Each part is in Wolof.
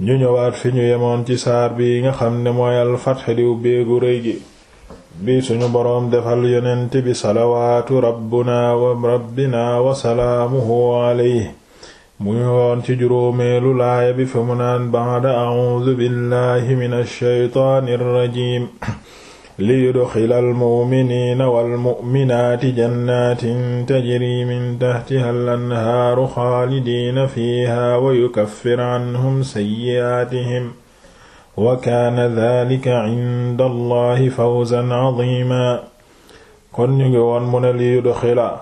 ñu ñëwaat fi ñu yemoon ci saar bi nga xam ne mooy alfatx di ubbeegu rëy gi suñu boroom defal yonent bi salawaatu rabbuna wa rabbina wa salaamuhu alayhi muy woon ci juróomeelu laaya bi fa mu naan ba'da a'uudu billahi minash shaytaanir rajiim liyudxila almu'miniina walmu'minaati jannatin tajri min taxtiha al anhaaru xaalidiina fiiha wa yukaffir anhum sayyi'aatihim wa kaana daalika inda allahi fawzan cadiima kon ñu ngi woon mu ne liyudxila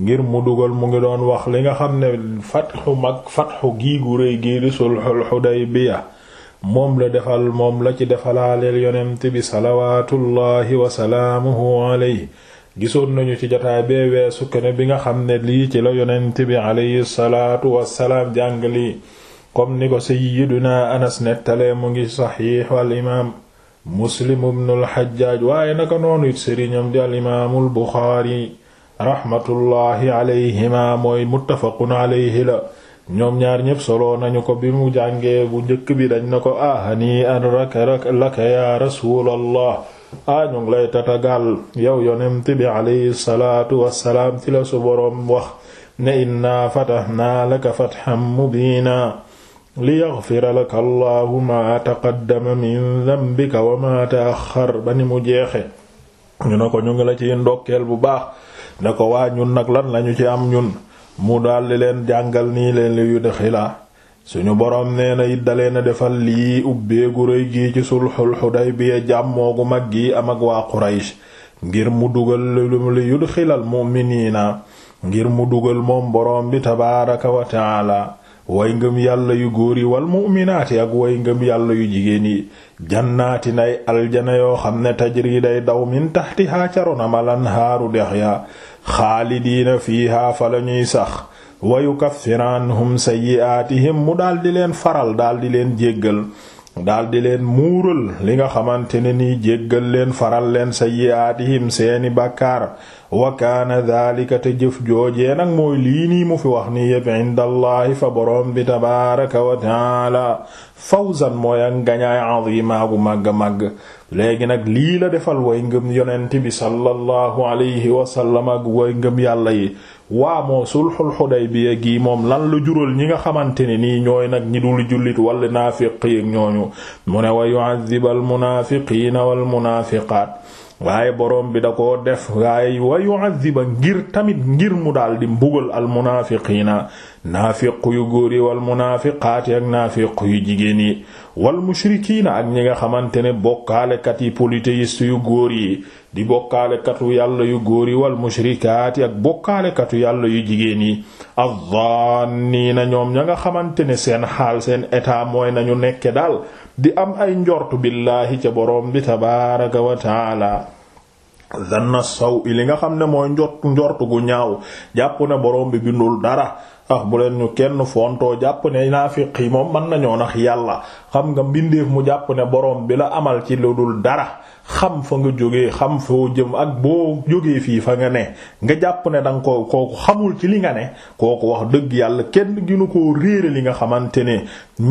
ngir mu dugal mu ngi doon wax li nga xam ne fatxu mag fatxu giigu rëy gi di sulxul xudaybiya moom la defal moom la ci defalaaleel yonent bi salawaatullaahi wasalaamuhu alayhi gisoon nañu ci jotaay bee weesu ne bi nga xam ne lii ci la yonent bi alayhi salaatu wasalaam jàng lii comme ni ko sayyiduna anas nettalee mu ngi saxiix al imaam muslim ibn al waaye naka noonu it sëriñam di al imaamul buxaari raxmatullaahi alayhima mooy muttafaqun alayhi la ñoom ñaar ñépp solo nañu ko bi mu jàngee bu njëkk bi dañ ne ko ahani an raka laka ya rasulallah a ah, ñu ngi lay tatagal yow yonent bi alayhi salaatu wassalaam ci la su boroom wax ne inna fatahna laka fathan mubiina liyaghfira laka allahu ma taqaddama min dhanbika wa ma ta'akhkhar ba ni mu jeexe ñu ne ko ñu ngi la ciy ndokkeel bu baax ne ko waa ñun nag lan lañu ci am ñun mu daldi leen jàngal nii leen li yu dexila suñu boroom nee na it dalee na defal lii ubbeegu rëy gii ci sulxul bi jàmmoo gu mag gi am ak waa quraysh ngir mu dugal li yudxilal mu'miniina ngir mu dugal moom boroom bi tabaaraka wa taala way ngëm yàlla yu góor yi wal mu'minaati ak way ngëm yàlla yu jigéen yi jannaati nay aljana yoo xam ne tajri day daw min taxtihaa caronam al anhaaru dex ya xaalidiina fiiha fa la ñuy sax wa yukaffir anhum sayyi'aatihim mu daal di leen faral daal di leen jéggal daldi leen muural li nga xamante ne nii jéggal leen faral leen sayyi'aatihim seeni bàkkaar wa kaana te jëf joojee nag mooy lii nii mu fi wax ni yépp indallahi fa boroom bi tabaaraka wa taala fawzan mooy ak ngañaay azima gu màgg-màgg léegi nag lii la defal way ngëm yonent bi sallallahu alayhi wasallam ak way ngëm yàlla yi waa moo sulxul xudaybiya gii moom lan lu jural ñi nga xamante ne nii ñooy nag ñi dul jullit wala naafiq yi ñooñu mu ne wa yu'adhibal munaafiqiina wal munaafiqaat waaye borom bi da ko def waaye wa yu'adhiba ngir tamit ngir mu dal di mbugal almunaafiqiina naafiq yu góor yi wal munaafiqaati ak naafiq yu jigéen yi wal mushrikiina ak ñi nga xamante ne bokkaalekat yi polythéistes yu góor yi di bokkaalekatu yàlla yu góor yi wal mushrikaati ak bokkaalekatu yàlla yu jigéen yi adh na ñoom ña nga xamante ne seen xaal seen état mooy nañu nekke daal di am ay njortu billaahi ca boroom bi tabaaraka wa taala dhanna saw i li nga xam ne mooy njort njort gu ñaaw jàpp ne boroom bi bindul dara ah bu leen ñu kenn fontoo jàpp ne naafiq yi moom mën nañoo nax yàlla xam nga mbindeef mu jàpp ne boroom bi la amal ci lu dul dara xam fa nga jóge xam foo jëm ak boo jógee fii fa nga ne nga jàpp ne da nga ko kooku xamul ci li nga ne kooku wax dëgg yàlla kenn ginu ko réere li nga xamante ne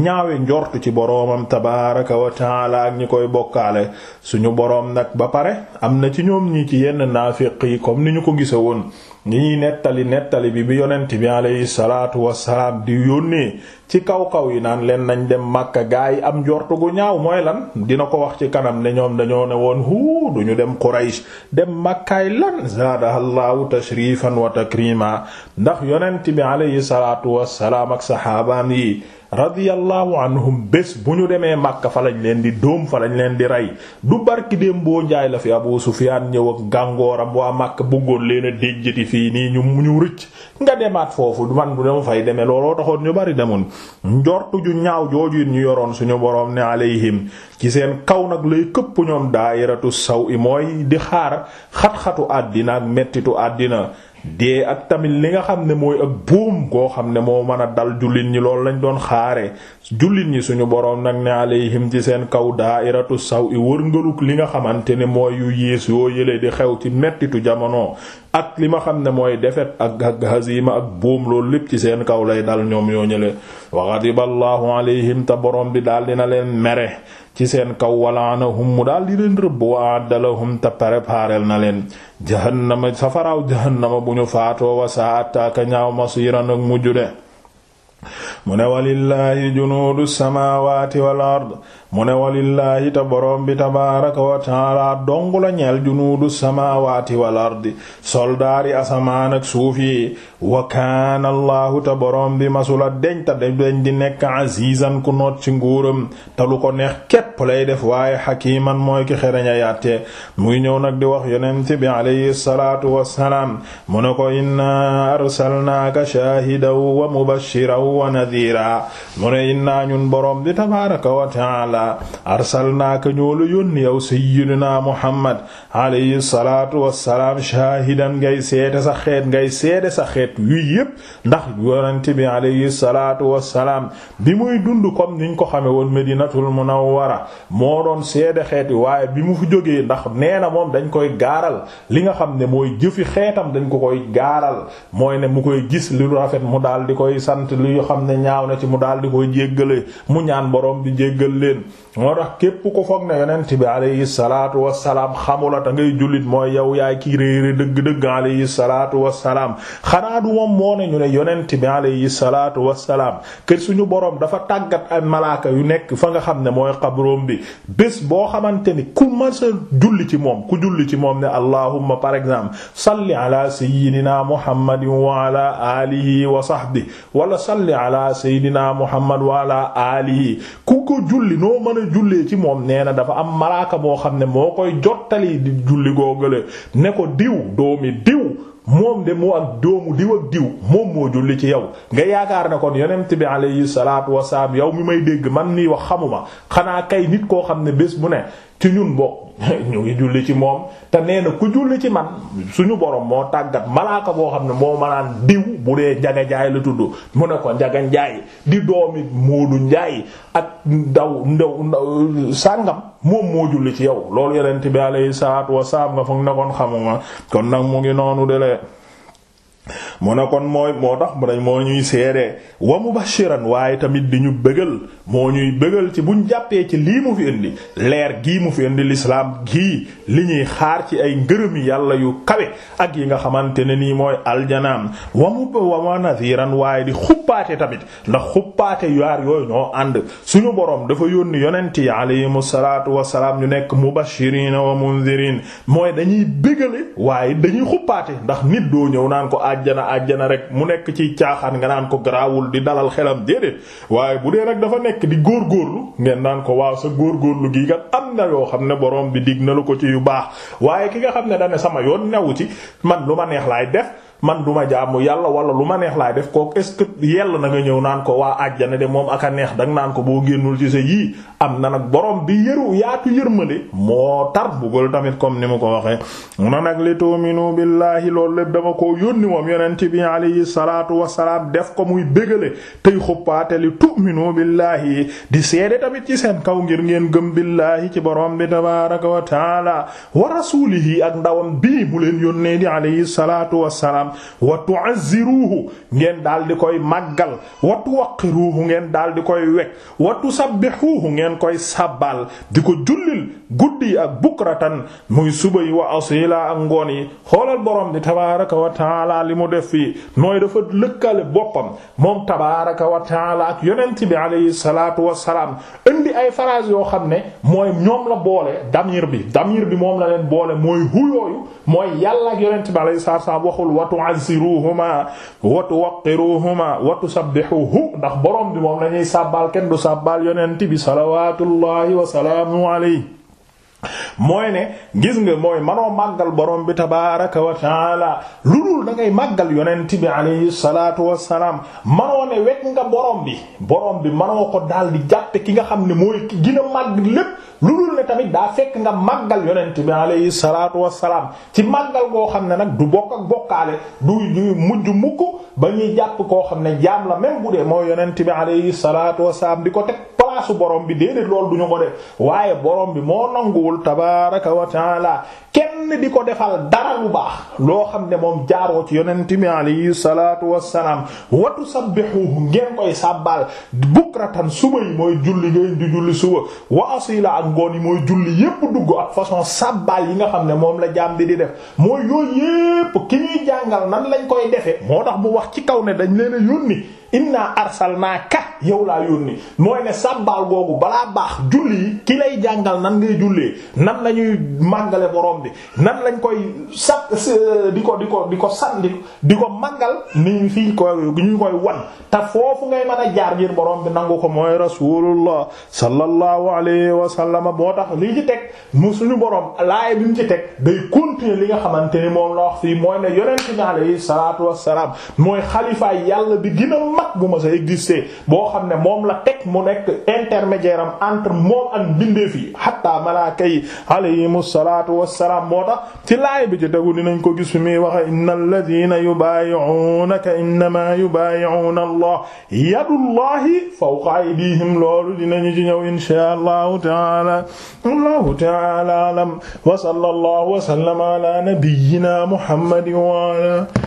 ñaawe njort ci boroomam tabaaraka wa ak ñi koy bokkaale suñu boroom nag ba pare am na ci ñoom ñi ci yenn naafiq yi comme ni ñu ko gisa woon ni ñuy nettali nettali bi bi yonent bi alayhi salaatu wassalaam di yónnee ci kaw kaw yi naan leen nañ dem Makka gaa yi am njort gu ñaaw mooy lan dina ko wax ci kanam ne ñoom dañoo ne woon huu duñu dem Quraysh dem Makkaay lan zaadahallahu tashrifan wa takrima ndax yonent bi alayhi salaatu wassalaam ak saxaabaan yi radiyallahu anhum bés bu ñu demee Makka fa lañ leen di dóom fa lañ leen di rey du barki dem boo njaay la fi Abu Sufyaan ñëw ak gàngooram waa màkk bëggoon leen a déjjati fii nii ñu ñu rëcc nga demaat foofu man bu dama fay deme looloo taxoon ñu bari demoon njortu ju ñaaw jooju ñu yoroon suñu boroom ne alayhim ci seen kaw nag lay këpp ñoom daayiratu saw i mooy di xaar xat-xatu àddina ak mettitu àddina dee ak tamit li nga xam ne mooy ak buum koo xam ne moo mën a dal jullit ñi loolu lañ doon xaare jullit ñi suñu boroom nag ne alayhim ci seen kaw daairatu saw i wërngaluk li nga xamante ne mooy yu yées yoo yële di xew ci mettitu jamono ak li ma xam ne mooy defet ak yi ma ak boom loolu lépp ci seen kaw lay dal ñoom yoo ñële wa ghadiba allahu te borom bi daal na leen mere ci seen kaw walaanahum mu daal leen rëbb wa addalahum te préparel na leen jahannama safaraaw jahannama bu ñu faatoo wa saataaka ñaaw masiran ak mujju de mu ne walillaahi junuudu samaawaati wal mu ne walillaahi te bi tabaaraka wa taala dong la ñeel junuudu samaawaati wal ardi soldaari asamaanak ak suuf yi wa kaana allaahu te borom bi masula deñ te deñ di nekk azizan ku noot ci nguuram talu ko neex képp lay def waaye xakiiman mooy ki xereñ a muy ñëw nag di wax yonent bi alayhi salaatu wassalaam mu ne ko inna arsalnaaka shaahidan wa mubashiran wa nadhira mu ne innaa ñun borom bi tabaaraka wa ta'aala arsalnaaka ñoo la yónni yow sayyidina Muhammad alayhi salaatu wassalaam shaahidan ngay seede sa xeet ngay seede sa xeet yu yépp ndax yonent bi alayhi salaatu wassalaam bi muy dund kom niñ ko xame woon Madinatul Munawwara moo doon seede xeet waaye bi mu fi jógee ndax nee na moom dañ koy gaaral li nga xam ne mooy jëfi xeetam dañ ko koy gaaral mooy ne mu koy gis lu rafet mu daal di koy sant li yu xam ne ñaaw na ci mu daal di koy jéggale mu ñaan borom bi jéggal leen moo tax képp ko foog ne yonent bi alayhi salaatu wassalaam xamula ta ngay jullit mooy yow yaay ki réere dëgg-dëgg alayhi salaatu wassalaam xanaa du moom moo ne ñu ne yonent bi alayhi salaatu wassalaam kër suñu boroom dafa tàggat ay malaaka yu nekk fa nga xam ne mooy xabroom bi bés boo xamante ni ku ma sa julli ci moom ku julli ci moom ne allahumma par exemple salli ala sayyidina muhammadin wa ala alihi wa sahbihi wala salli salli ala seydina muhammad wa ala alihi ku ko julli noo mën jullee ci moom nee na dafa am malaaka boo xam ne moo koy jottali di julli googale ne ko diw doomi diw moom de moo ak doomu diw ak diw moom moo julli ci yow nga yaakaar ne kon yonent bi alayhi salaatu wasalaam yow mi may dégg man nii wax xamuma xanaa kay nit koo xam ne bés bu ne ci ñun bokk ñu ngi julli ci moom te nee na ku julli ci man suñu borom moo tàggat malaaka boo xam ne moo manaan diw bu dee njaga njaay la tudd mu ne ko njaga njaay di doomi Moodu njaay ak ndaw ndaw ndaw sàngam moom moo julli ci yow loolu yeneen bi alayhi salaatu wasalaam nga mu ne kon mooy moo tax mu dañ moo ñuy seedee wa mubashiran waaye tamit di ñu bëggal moo ñuy bëggal ci buñ jàppee ci lii mu fi indi leer gii mu fi indi lislaam gii li ñuy xaar ci ay ngërëmi yàlla yu kawe ak yi nga xamante ne nii mooy aljanaam wa mu wa nadiran waaye di xuppaate tamit ndax xuppaate yaar yooyu ñoo ànd suñu boroom dafa yónni yonent yi alayhimu salaatu wasalaam ñu nekk mubashirina wa mundirin mooy dañuy bëggale waaye dañuy xuppaate ndax nit àjjana àjjana rek mu nekk ci caaxaan nga naan ko garaawul di dalal xelam déedéet waaye bu dee nag dafa nekk di góor góorlu ngeen naan ko waaw sa góor góorlu gii kat am na yoo xam ne borom bi dig na lu ko ci yu baax waaye ki nga xam ne dane sama yoon newu ci man lu ma neex laay def man duma ma jaamu yàlla wala lu ma neex laay def kooku est-ce que yell na nga ñëw naan ko waa àjjana de moom ak a neex danga naan ko boo génnul ci sa yii am na nag boroom bi yëru yaatu yërmande moo tar buggal tamit comme ni mu ko waxee mu ne nag li tu'minu billahi loolu lépp dama koo yónni moom yonent bi alayhi salaatu wasalaam def ko muy bégale tey xuppaate li tu'minu yi di seede tamit ci seen kaw ngir ngeen gëm billahi ci borom bi tabaaraka wa taala wa rasuulihi ak salaam wa tu'azziruhu ngeen daal di koy màggal wa tuwaqqiruhu ngeen daal di koy wekk wa tusabbihuhu ngeen koy sabbal di ko jullil guddi ak ak bukratan muy suba yi wa asila ak ngoon yi xoolal borom bi tabaaraka wa li mu def fii mooy dafa lëkkale boppam moom tabaaraka wa taala ak yonent bi alayhi salaatu wa salaam indi ay phrase yoo xam ne mooy ñoom la boole damir bi damir bi moom la leen boole mooy hu mooy yàlla ak yonent bi alayhi salaatu salaam waxul watu tu'azziruhuma wa tuwaqqiruhuma wa tusabbihuhu ndax borom bi moom lañuy sàbbaal kenn du sàbbaal yonent bi salawaatullahi wa salaamu alayhi mooy ne gis nga mooy manoo màggal borom bi tabaaraka wa taala lu dul da ngay màggal yonent bi alayhi salaatu wassalaam manoo ne wekk nga borom bi borom bi manoo ko daal di jàppe ki nga xam ne mooy ki gën màgg lépp lu dul ne tamit daa fekk nga màggal yonent bi alayhi salaatu wassalaam ci màggal goo xam ne nag du bokk ak bokkaale du mujj mukk ba ñuy jàpp koo xam ne jaam la même bu dee moo yonent bi alayhi salaatu wassalaam di ko teg palaasu borom bi déedéet loolu du ñu ko def waaye borom bi moo nanguwul tabaaraka wa taala kenn di ko defal dara lu baax loo xam ne moom jaaroo ci yonent mi alayhi salaatu wassalaam wa tusabbihuhu ngeen koy sàbbaal bukratan suba yi mooy julli ngeen du julli suba wa asila ak ngoon yi mooy julli yépp dugg ak façon sàbbaal yi nga xam ne moom la jaam bi di def mooy yooyu yépp ki ñuy jàngal nan lañ koy defe moo tax mu wax ci kaw ne dañ leen a yónni inna ka yow laa yónni mooy ne sàbbaal googu balaa baax julli ki lay jàngal nan ngay jullee nan la ñuy màngale borom bi nan lañ koy sat di ko di ko di ko sandi di ko màngal ni fii ko ñu koy wan te foofu ngay mën a jaar ngir borom bi nangu ko mooy rasulullah sallallahu alayhi wa sallam boo tax lii ci teg mu suñu borom laay bi ñu ci teg day continuer li nga xamante ni moom la wax fii mooy ne yonent bi alayhi salaatu wassalaam mooy mag bu ma sa exister boo xam ne moom la teg mu nekk intermédiaire am entre moom ak mbindeef yi hatta malaaka yi alayhimu salaatu wassalaam moo tax ci laay bi ci tegu dinañ ko gis fi muy waxe inna alladhina yubayi'unaka innama yubayi'una allah yadullahi fawqa aydihim loolu dinañu ci ñëw insha allahu taala allahu taala alam wa sallallahu wa sallama ala nabiyyina muhammadin wa ala